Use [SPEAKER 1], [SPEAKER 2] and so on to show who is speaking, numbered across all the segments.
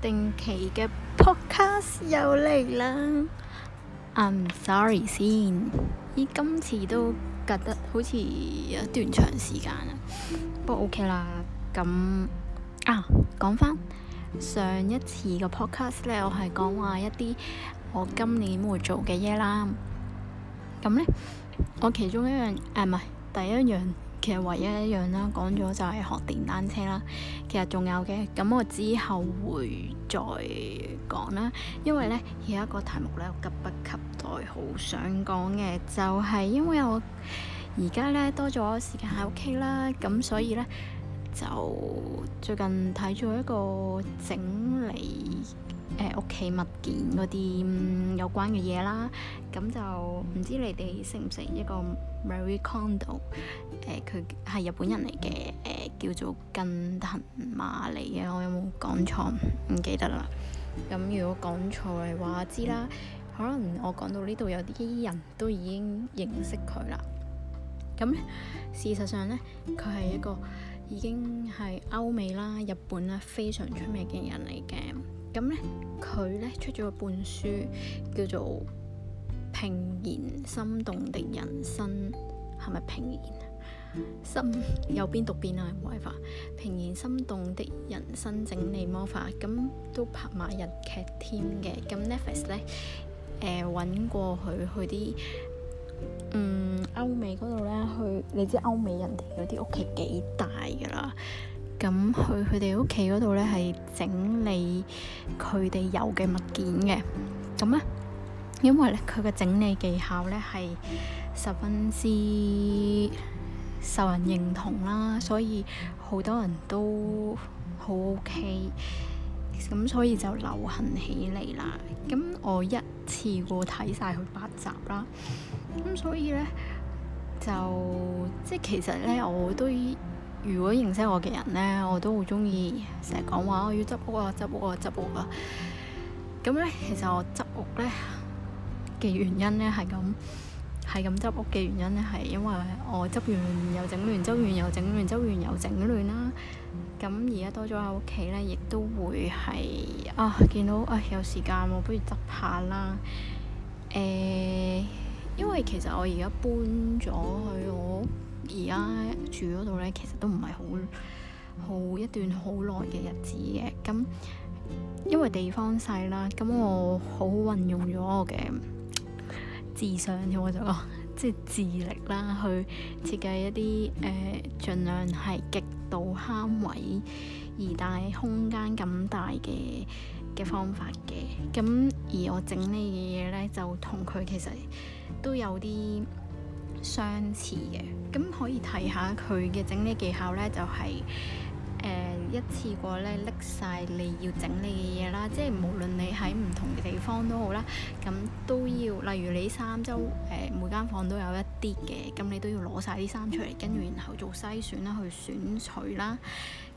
[SPEAKER 1] 定期嘅 podcast 又嚟啦！I'm sorry 先，咦，今次都隔得好似一段長時間，okay，啊，不過 OK 啦。咁啊，講翻上一次嘅 podcast 咧，我係講話一啲我今年會做嘅嘢啦。咁咧，我其中一樣誒，唔，啊，係第一樣。其實唯一一樣啦，講咗就係學電單車啦。其實仲有嘅，咁我之後會再講啦。因為呢，有一個題目呢，我急不及待好想講嘅，就係、是、因為我而家呢，多咗時間喺屋企啦，咁所以呢，就最近睇咗一個整理。誒屋企物件嗰啲、嗯、有關嘅嘢啦，咁就唔知你哋識唔識一個 Marie Kondo，誒、呃、佢係日本人嚟嘅，誒、呃、叫做近藤瑪麗啊，我有冇講錯唔記得啦？咁如果講錯嘅話我知啦，可能我講到呢度有啲人都已經認識佢啦。咁事實上呢，佢係一個已經係歐美啦、日本啦非常出名嘅人嚟嘅，咁呢。佢咧出咗一本書，叫做《怦然心動的人生》，係咪怦然？心有邊讀邊啊，冇辦法，《怦然心動的人生》整理魔法，咁都拍埋日劇添嘅。咁 Netflix 咧，誒、呃、揾過佢去啲嗯歐美嗰度咧，去你知歐美人哋有啲屋企幾大噶啦。咁去佢哋屋企嗰度咧，係整理佢哋有嘅物件嘅。咁咧，因為咧佢嘅整理技巧咧係十分之受人認同啦，所以好多人都好 OK。咁所以就流行起嚟啦。咁我一次過睇晒佢八集啦。咁所以咧，就即係其實咧，我都。如果認識我嘅人呢，我都好鍾意成日講話，我要執屋啊，執屋啊，執屋啊。咁呢，其實我執屋呢嘅原因呢，係咁，係咁執屋嘅原因呢，係因為我執完又整亂，執完又整亂，執完又整亂啦。咁而家多咗喺屋企呢，亦都會係啊見到啊有時間，我不如執下啦。誒，因為其實我而家搬咗去。而家住嗰度咧，其實都唔係好好一段好耐嘅日子嘅。咁因為地方細啦，咁我好運用咗我嘅智商，我就講 即係智力啦，去設計一啲誒，儘、呃、量係極度慳位而但係空間咁大嘅嘅方法嘅。咁而我整呢嘅嘢咧，就同佢其實都有啲相似嘅，咁可以睇下佢嘅整理技巧呢。就係、是、誒、呃、一次過咧拎晒你要整理嘅嘢啦，即係無論你喺唔同嘅地方都好啦，咁都要，例如你衫周誒、呃、每間房都有一啲嘅，咁你都要攞晒啲衫出嚟，跟住然後做篩選啦，去選取啦，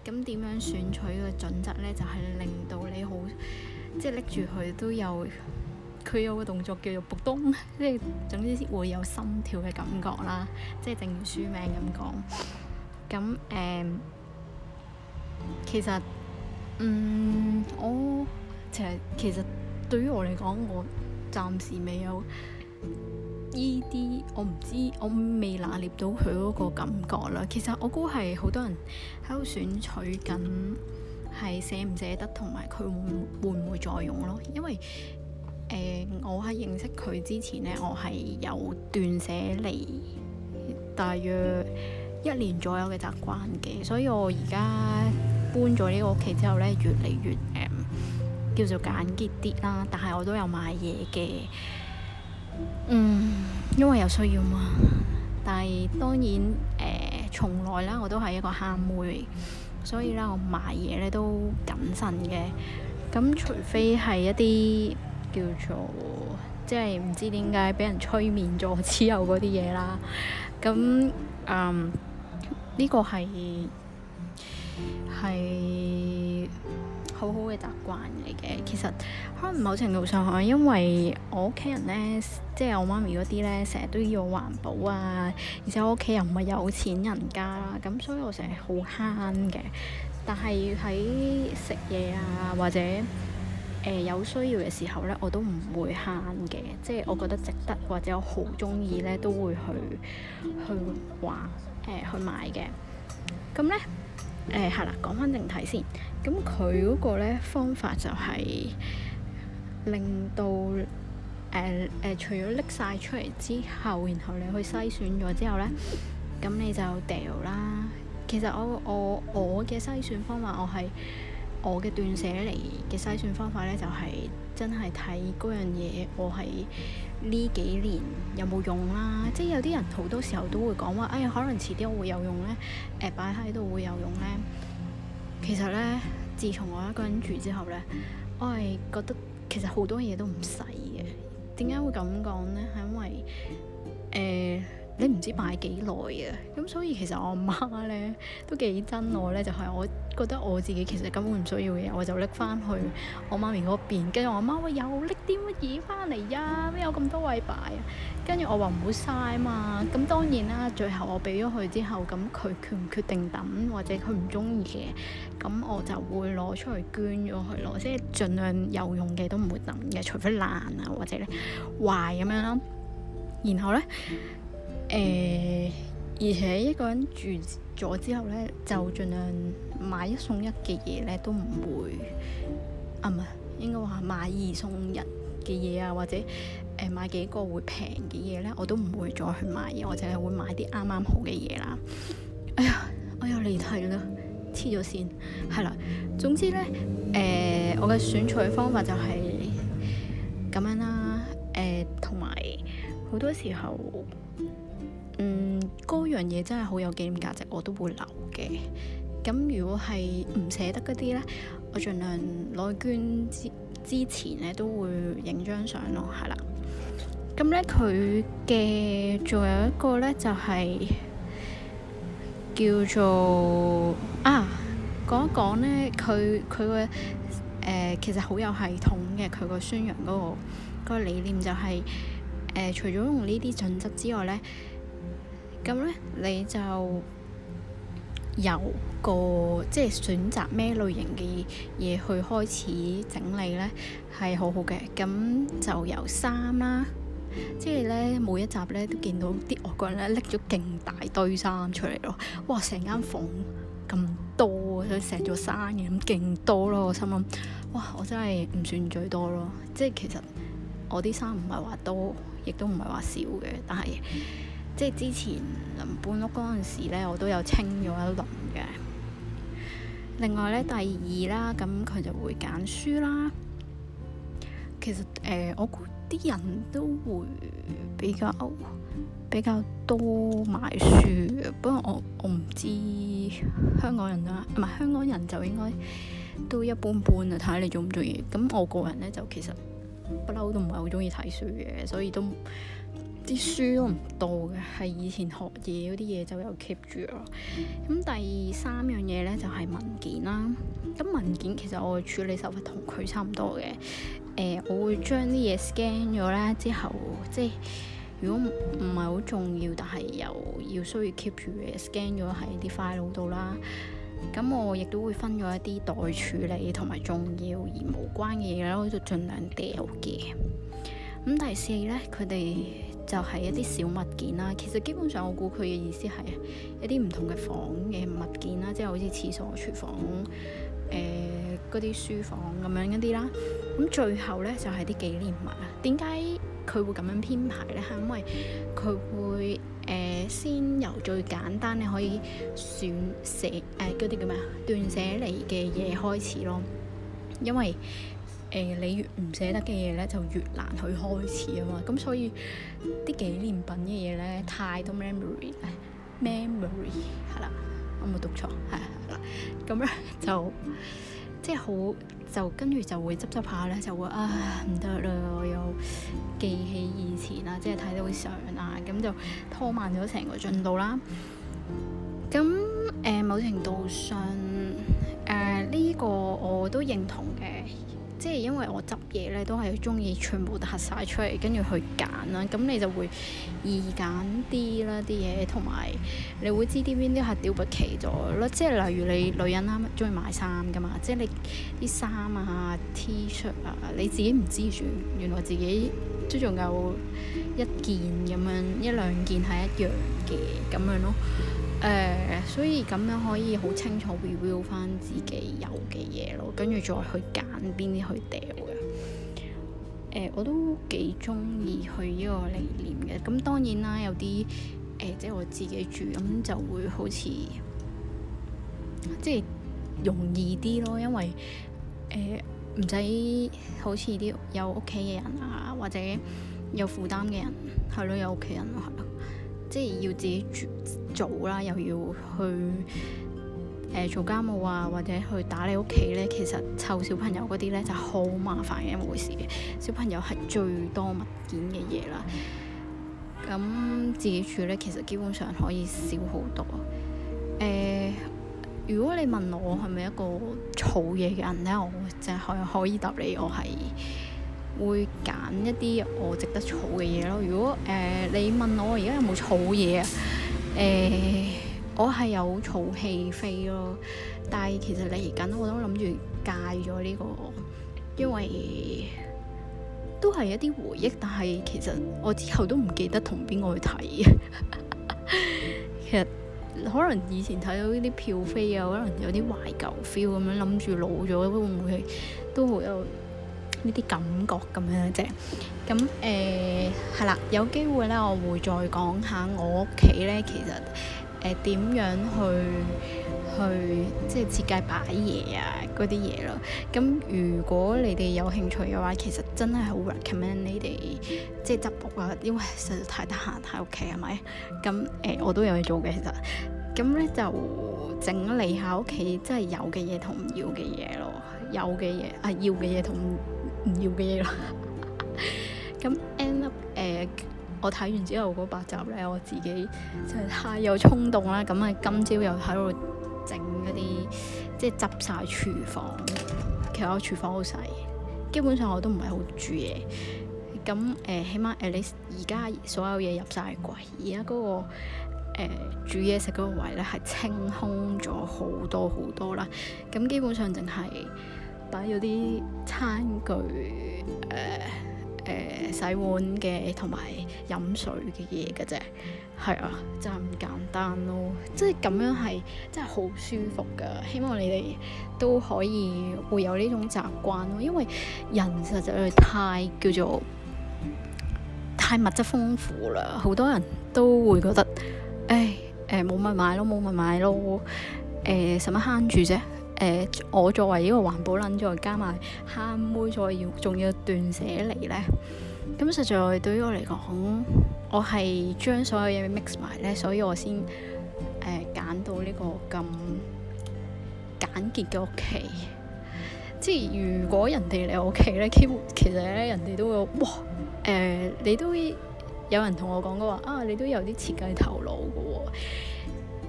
[SPEAKER 1] 咁點樣選取嘅準則呢？就係、是、令到你好，即係拎住佢都有。佢有個動作叫做撲咚，即係 總之會有心跳嘅感覺啦，即係正如書名咁講。咁誒、嗯，其實嗯，我其實其實對於我嚟講，我暫時未有依啲，我唔知我未拿捏到佢嗰個感覺啦。其實我估係好多人喺度選取緊，係捨唔捨得同埋佢會會唔會再用咯，因為。誒、呃，我喺認識佢之前咧，我係有斷捨離大約一年左右嘅習慣嘅，所以我而家搬咗呢個屋企之後咧，越嚟越誒、呃、叫做簡潔啲啦。但係我都有買嘢嘅，嗯，因為有需要嘛。但係當然誒、呃，從來啦，我都係一個慳妹，所以咧，我買嘢咧都謹慎嘅。咁除非係一啲。叫做即係唔知點解俾人催眠咗之後嗰啲嘢啦，咁嗯，呢個係係好好嘅習慣嚟嘅。其實可能某程度上可，因為我屋企人咧，即係我媽咪嗰啲咧，成日都要我環保啊，而且我屋企又唔係有錢人家啦，咁所以我成日好慳嘅。但係喺食嘢啊或者～誒、呃、有需要嘅時候咧，我都唔會慳嘅，即係我覺得值得或者我好中意咧，都會去去玩誒、呃、去買嘅。咁咧誒係啦，講翻正題先。咁佢嗰個咧方法就係令到誒誒、呃呃，除咗拎晒出嚟之後，然後你去篩選咗之後咧，咁你就掉啦。其實我我我嘅篩選方法，我係～我嘅斷捨離嘅篩選方法咧，就係、是、真係睇嗰樣嘢，我係呢幾年有冇用啦、啊。即係有啲人好多時候都會講話，哎，可能遲啲我會有用咧，誒擺喺度會有用咧。其實咧，自從我一個人住之後咧，我係覺得其實好多嘢都唔使嘅。點解會咁講咧？係因為誒、呃、你唔知擺幾耐啊。咁所以其實我媽咧都幾憎我咧，就係、是、我。覺得我自己其實根本唔需要嘅嘢，我就拎翻去我媽咪嗰邊。跟住我媽，喂，又拎啲乜嘢翻嚟啊？咩有咁多位擺啊？跟住我話唔好嘥啊嘛。咁當然啦，最後我俾咗佢之後，咁佢決唔決定抌，或者佢唔中意嘅，咁我就會攞出去捐咗佢。攞即係盡量有用嘅都唔會抌嘅，除非爛啊或者咧壞咁樣咯。然後咧，誒、呃、而且一個人住咗之後呢，就盡量買一送一嘅嘢呢，都唔會啊，唔係應該話買二送一嘅嘢啊，或者誒、呃、買幾個會平嘅嘢呢，我都唔會再去買嘢，我淨係會買啲啱啱好嘅嘢啦。哎呀，我又嚟題啦，黐咗線，係啦。總之呢，誒、呃、我嘅選取方法就係咁樣啦，誒同埋好多時候。嗰樣嘢真係好有紀念價值，我都會留嘅。咁如果係唔捨得嗰啲呢，我盡量攞捐，之之前咧都會影張相咯，係啦。咁呢，佢嘅仲有一個呢，就係、是、叫做啊，講一講呢，佢佢嘅誒其實好有系統嘅，佢、那個宣揚嗰個理念就係、是、誒、呃、除咗用呢啲準則之外呢。咁咧你就由個即係選擇咩類型嘅嘢去開始整理咧，係好好嘅。咁就由衫啦，即係咧每一集咧都見到啲外國人咧拎咗勁大堆衫出嚟咯。哇！成間房咁多，所以成座山咁勁多咯。我心諗，哇！我真係唔算最多咯。即係其實我啲衫唔係話多，亦都唔係話少嘅，但係。即係之前臨搬屋嗰陣時咧，我都有清咗一輪嘅。另外咧，第二啦，咁佢就會揀書啦。其實誒、呃，我估啲人都會比較比較多買書，不過我我唔知香港人啦，唔係香港人就應該都一般般啊。睇下你中唔中意。咁我個人咧就其實不嬲都唔係好中意睇書嘅，所以都。啲書都唔多嘅，係以前學嘢嗰啲嘢就有 keep 住咯。咁第三樣嘢咧就係文件啦。咁文件其實我處理手法同佢差唔多嘅。誒，我會將啲嘢 scan 咗咧之後，即係如果唔係好重要，但係又要需要 keep 住嘅 scan 咗喺啲 file 度啦。咁我亦都會分咗一啲待處理同埋重要而無關嘅嘢咧，我就盡量掉嘅。咁第四咧，佢哋。就係一啲小物件啦，其實基本上我估佢嘅意思係一啲唔同嘅房嘅物件啦，即係好似廁所、廚房、誒嗰啲書房咁樣一啲啦。咁最後咧就係、是、啲紀念物啊。點解佢會咁樣編排咧？係因為佢會誒、呃、先由最簡單咧可以選寫誒嗰啲叫咩啊，斷捨離嘅嘢開始咯。因為誒、呃，你越唔捨得嘅嘢咧，就越難去開始啊嘛。咁所以啲紀念品嘅嘢咧，太多 memory，memory 係啦，我冇讀錯係係啦。咁咧了 就即係好，就跟住就會執執下咧，就會啊唔得啦！我又記起以前啊，即係睇到相上啊，咁就拖慢咗成個進度啦。咁誒、呃，某程度上誒呢、呃呢個我都認同嘅。即係因為我執嘢咧，都係中意全部都揼晒出嚟，跟住去揀啦。咁你就會易揀啲啦，啲嘢同埋你會知啲邊啲係屌不奇咗咯。即係例如你女人啦，中意買衫噶嘛。即係你啲衫啊、T 恤啊，你自己唔知住原來自己都仲有一件咁樣一兩件係一樣嘅咁樣咯。誒、呃，所以咁樣可以好清楚 review 返自己有嘅嘢咯，跟住再去揀邊啲去掉嘅。誒、呃，我都幾中意去呢個理念嘅。咁當然啦，有啲誒、呃，即係我自己住咁就會好似即係容易啲咯，因為誒唔使好似啲有屋企嘅人啊，或者有負擔嘅人，係咯，有屋企人咯、啊，咯。即係要自己住做啦，又要去誒、呃、做家務啊，或者去打理屋企咧。其實湊小朋友嗰啲咧就好麻煩嘅一回事嘅。小朋友係最多物件嘅嘢啦。咁自己住咧，其實基本上可以少好多。誒、呃，如果你問我係咪一個儲嘢嘅人咧，我淨係可以可以答你，我係。會揀一啲我值得儲嘅嘢咯。如果誒、呃、你問我而家有冇儲嘢啊？誒、呃，我係有儲戲飛咯。但係其實嚟緊我都諗住戒咗呢、呢個，因為都係一啲回憶。但係其實我之後都唔記得同邊個去睇。 其實可能以前睇到呢啲票飛啊，可能有啲懷舊 feel 咁樣，諗住老咗會唔會都會有。呢啲感覺咁樣啫，咁誒係啦，有機會咧，我會再講下我屋企咧，其實誒點、呃、樣去去即係設計擺嘢啊嗰啲嘢咯。咁如果你哋有興趣嘅話，其實真係好 recommend 你哋即係執屋啦、啊，因為實在太得閒喺屋企係咪？咁誒、呃、我都有嘢做嘅，其實咁咧就整理下屋企，即係有嘅嘢同唔要嘅嘢咯，有嘅嘢啊要嘅嘢同，唔要嘅嘢啦，咁 end up 誒、呃，我睇完之後嗰八集咧，我自己就係太有衝動啦，咁啊今朝又喺度整一啲，即係執晒廚房，其實我廚房好細，基本上我都唔係好煮嘢，咁誒、呃，起碼誒你而家所有嘢入晒櫃，而家嗰個、呃、煮嘢食嗰個位咧係清空咗好多好多啦，咁基本上淨係。擺咗啲餐具，誒、呃、誒、呃、洗碗嘅同埋飲水嘅嘢嘅啫，係啊，就係咁簡單咯，即係咁樣係，真係好舒服噶。希望你哋都可以會有呢種習慣咯，因為人實在太叫做太物質豐富啦，好多人都會覺得，誒誒冇乜買咯，冇乜買咯，誒使乜慳住啫。誒、呃，我作為呢個環保捻再加埋慳妹，再要仲要斷捨離咧，咁實在對於我嚟講，我係將所有嘢 mix 埋咧，所以我先誒揀到呢個咁簡潔嘅屋企。 即係如果人哋嚟我屋企咧，幾乎其實咧人哋都會，哇！誒、呃，你都有人同我講過話啊，你都有啲設計頭腦嘅喎。誒、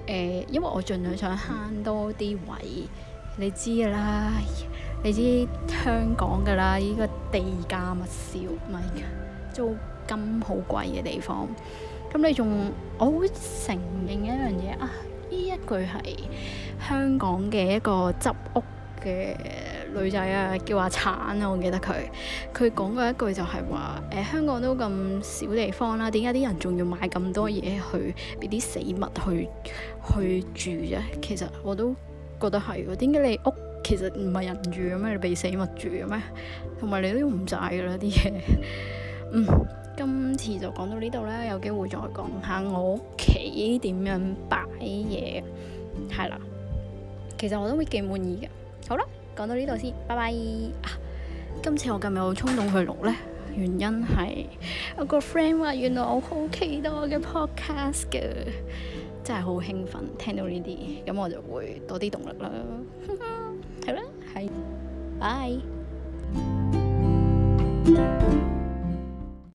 [SPEAKER 1] 呃，因為我盡量想慳多啲位。你知噶啦，你知香港噶啦，呢、這個地價咪少咪，租金好貴嘅地方。咁你仲，我好承認一樣嘢啊！呢一句係香港嘅一個執屋嘅女仔啊，叫阿橙啊，我記得佢。佢講過一句就係話：誒、呃、香港都咁少地方啦，點解啲人仲要買咁多嘢去俾啲死物去去住啫？其實我都。覺得係喎，點解你屋其實唔係人住嘅咩？你俾死物住嘅咩？同埋你都唔執㗎喇啲嘢。 嗯，今次就講到呢度啦，有機會再講下我屋企點樣擺嘢係啦。其實我都會幾滿意嘅。好啦，講到呢度先，拜拜。啊、今次我咁咪好衝動去錄呢，原因係我個 friend 話，原來我好期待我嘅 podcast 嘅。真係好興奮，聽到呢啲，咁、嗯、我就會多啲動力啦。係啦， 係，bye。